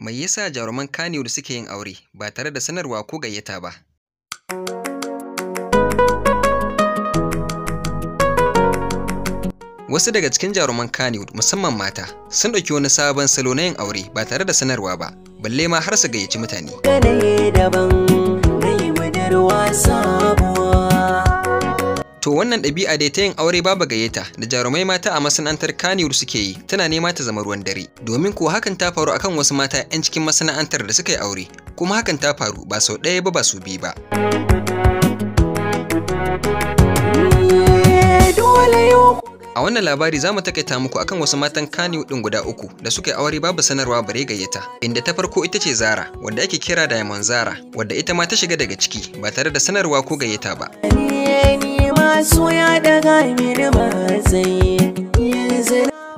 Mai yasa jaruman da suke yin aure ba tare da sanarwa ko gayyata ba? Wasu daga cikin jaruman Kannywood musamman mata sun ɗauki wani sabon salo na yin aure ba tare da sanarwa ba, balle ma har su gayyaci mutane. To wannan ɗabi'a dai ta yin aure babu gayyata da jarumai mata a masana'antar Kannywood suke yi tana nema ta zama ruwan dare. Domin ko hakan ta faru akan wasu mata 'yan cikin masana'antar da suka yi aure, kuma hakan ta faru ba sau ɗaya ba ba sau biyu ba. A wannan labari za mu takaita muku akan wasu matan Kaniyu ɗin guda uku da suka yi aure babu sanarwa bare gayyata, inda ta farko ita ce Zara, wadda ake kira Diamond Zara, wadda ita ma ta shiga daga ciki ba tare da sanarwa ko gayyata ba. ya so ya daga mini matsayi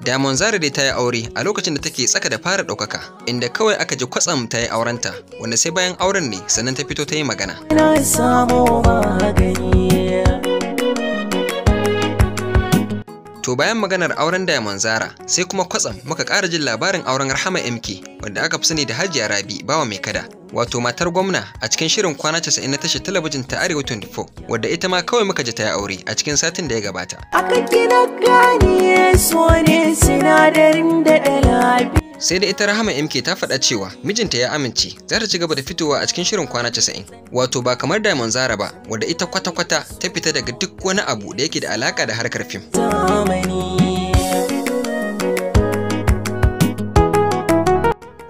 Damon Zara dai ta yi aure a lokacin da take tsaka da fara ɗaukaka, inda kawai aka ji kwatsam ta yi aurenta, wanda sai bayan auren ne sannan ta fito ta yi magana. Na samu magani. To bayan maganar auren Diamond Zara, sai kuma kwatsam muka ƙara jin labarin auren Rahama MK wanda aka fi sani da Hajiya Rabi bawa mai kada. Wato matar gwamna a cikin shirin kwana 90 na tashar talabijin ta Arewa 24 wadda ita ma kawai muka ji ta yi aure a cikin satin da ya gabata. Aka gina gane so ne sinadarin da sai da ita rahama mk ta faɗa cewa mijinta ya amince za ta ci gaba da fitowa a cikin shirin kwana 90 wato ba kamar diamond zara ba wadda ita kwata-kwata ta fita daga duk wani abu da yake da alaka da harkar fim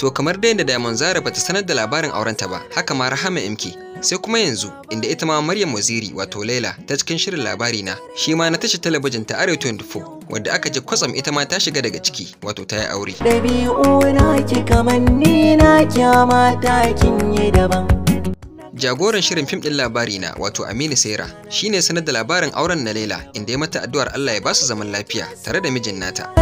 to kamar dai da diamond zara ba ta sanar da labarin aurenta ba haka ma rahama mk sai kuma yanzu inda ita ma Maryam Waziri wato Laila ta cikin shirin labari na shi ma na tashi talabijin ta Arewa 24 wadda aka ji kwatsam ita ma ta shiga daga ciki wato ta yi aure jagoran shirin fim ɗin labari na wato aminu sera shine sanar da labarin auren na laila inda ya mata addu'ar allah ya ba su zaman lafiya tare da mijin nata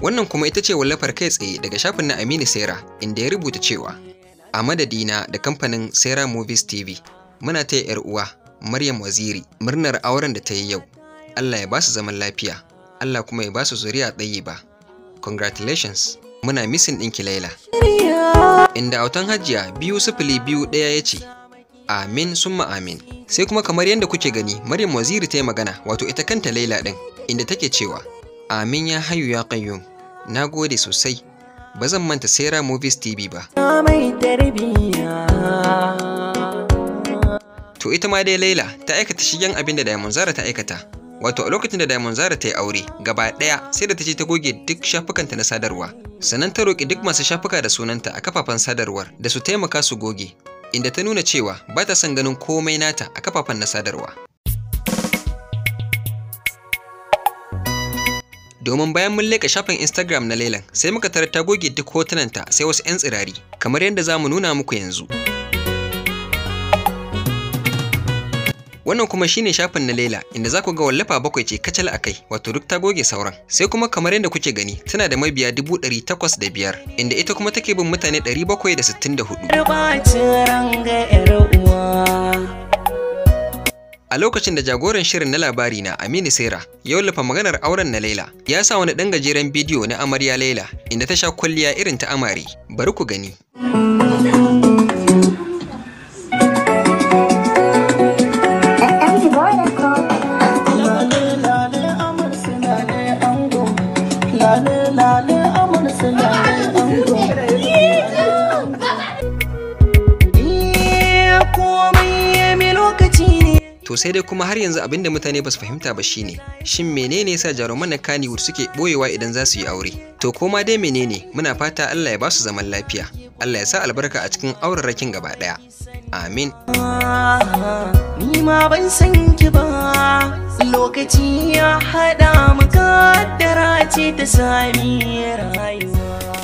wannan kuma ita ce wallafar kai tsaye daga shafin na aminu sera inda ya rubuta cewa a madadina da kamfanin sera movies tv muna taya yar uwa Maryam Waziri murnar auren da ta yi yau. Allah ya ba su zaman lafiya, Allah kuma ya ba su zuriya ɗaye ba. Congratulations, muna misin ɗinki Laila. Inda autan hajiya biyu sifili biyu ɗaya ya ce, Amin summa amin. Sai kuma kamar yadda kuke gani, Maryam Waziri ta yi magana wato ita kanta Laila ɗin, inda take cewa, Amin ya hayu ya kayu Na gode sosai, ba zan manta Sera Movies TV ba. To ita ma dai Laila ta aikata shigen abin da Diamond Zara ta aikata. Wato a lokacin da Diamond Zara ta yi aure gaba ɗaya sai da ta ce ta goge duk shafukanta na sadarwa. Sannan ta roƙi duk masu shafuka da sunanta a kafafen sadarwar da su taimaka su goge. Inda ta nuna cewa ba ta son ganin komai nata a kafafen na sadarwa. domin bayan mun leka shafin Instagram na Lailan sai muka tarar ta goge duk hotunanta sai wasu 'yan tsirari kamar yadda za mu nuna muku yanzu. Wannan kuma shine shafin na Laila inda za ku ga wallafa bakwai ce kacal a kai wato duk ta goge sauran. Sai kuma kamar yadda kuke gani tana da mabiya dubu ɗari takwas da biyar inda ita kuma take bin mutane ɗari bakwai da sittin da hudu. A lokacin da jagoran shirin na labari na Aminu Sera ya wallafa maganar auren na Laila, ya sa wani ɗan gajeren bidiyo na amarya Laila inda ta sha kwalliya irin ta amari, Bari ku gani. lale lale amursa lale ango to sai dai kuma har yanzu abinda mutane ba su fahimta ba shine shin menene sa jaruman na Kannywood suke boyewa idan za su yi aure to koma dai menene muna fata Allah ya ba su zaman lafiya Allah ya sa albarka a cikin aurarrakin gaba daya amin ni ma ban san ki ba lokaci ya hada mu kaddara ce ta sami rayuwa